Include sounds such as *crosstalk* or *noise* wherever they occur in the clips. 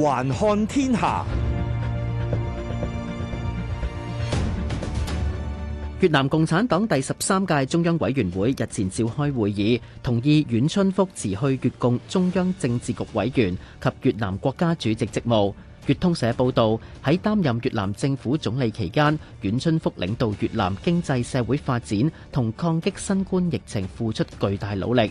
環看天下，越南共產黨第十三屆中央委員會日前召開會議，同意阮春福辭去越共中央政治局委員及越南國家主席職務。越通社報道，喺擔任越南政府總理期間，阮春福領導越南經濟社會發展同抗擊新冠疫情付出巨大努力。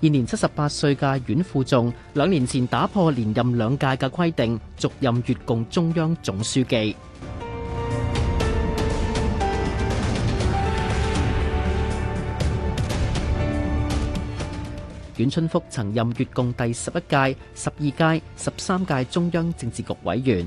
現年七十八歲嘅阮富仲，兩年前打破連任兩屆嘅規定，續任越共中央總書記。阮 *music* 春福曾任越共第十一屆、十二屆、十三屆中央政治局委員。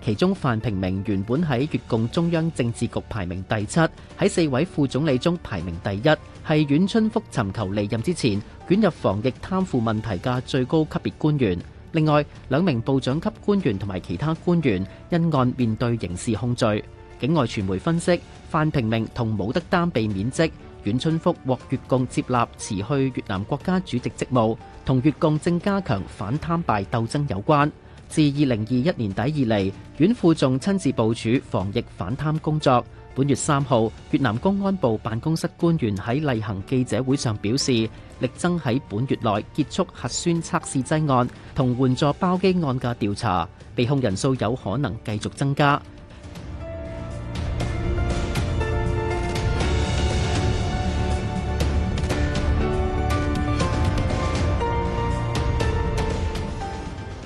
其中范平明原本喺越共中央政治局排名第七，喺四位副總理中排名第一，係阮春福尋求離任之前捲入防疫貪腐問題嘅最高級別官員。另外兩名部長級官員同埋其他官員因案面對刑事控罪。境外傳媒分析，范平明同武德丹被免職，阮春福獲越共接納辭去越南國家主席職務，同越共正加強反貪敗鬥爭有關。自二零二一年底以嚟，阮富仲親自部署防疫反貪工作。本月三號，越南公安部辦公室官員喺例行記者會上表示，力爭喺本月內結束核酸測試劑案同援助包機案嘅調查，被控人數有可能繼續增加。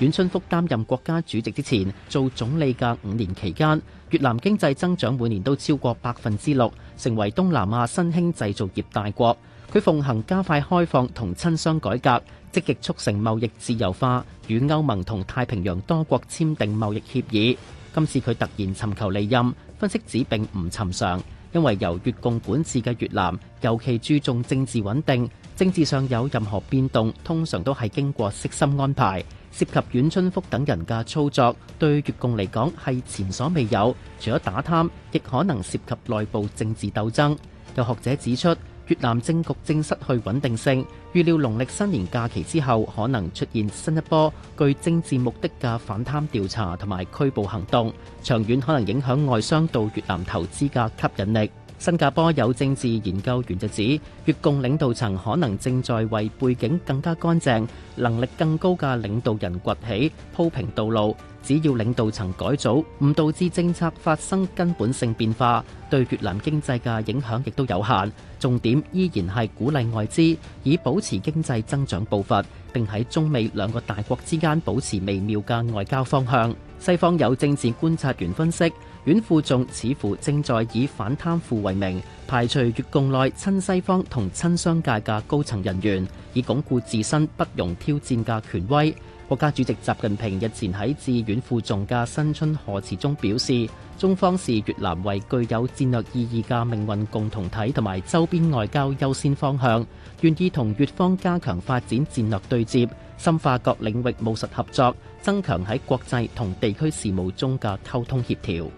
阮春福擔任國家主席之前，做總理嘅五年期間，越南經濟增長每年都超過百分之六，成為東南亞新興製造業大國。佢奉行加快開放同親商改革，積極促成貿易自由化，與歐盟同太平洋多國簽訂貿易協議。今次佢突然尋求離任，分析指並唔尋常，因為由越共管治嘅越南尤其注重政治穩定，政治上有任何變動，通常都係經過悉心安排。涉及阮春福等人嘅操作，對越共嚟講係前所未有。除咗打貪，亦可能涉及內部政治鬥爭。有學者指出，越南政局正失去穩定性，預料農曆新年假期之後可能出現新一波具政治目的嘅反貪調查同埋拘捕行動，長遠可能影響外商到越南投資嘅吸引力。新加坡有政治研究員就指，越共領導層可能正在為背景更加乾淨、能力更高嘅領導人崛起，鋪平道路。只要領導層改組，唔導致政策發生根本性變化，對越南經濟嘅影響亦都有限。重點依然係鼓勵外資，以保持經濟增長步伐，並喺中美兩個大國之間保持微妙嘅外交方向。西方有政治觀察員分析，阮富仲似乎正在以反貪腐為名，排除越共內親西方同親商界嘅高層人員，以鞏固自身不容挑戰嘅權威。國家主席習近平日前喺致阮富仲嘅新春賀詞中表示，中方視越南為具有戰略意義嘅命運共同體同埋周邊外交優先方向，願意同越方加強發展戰略對接，深化各領域務實合作，增強喺國際同地區事務中嘅溝通協調。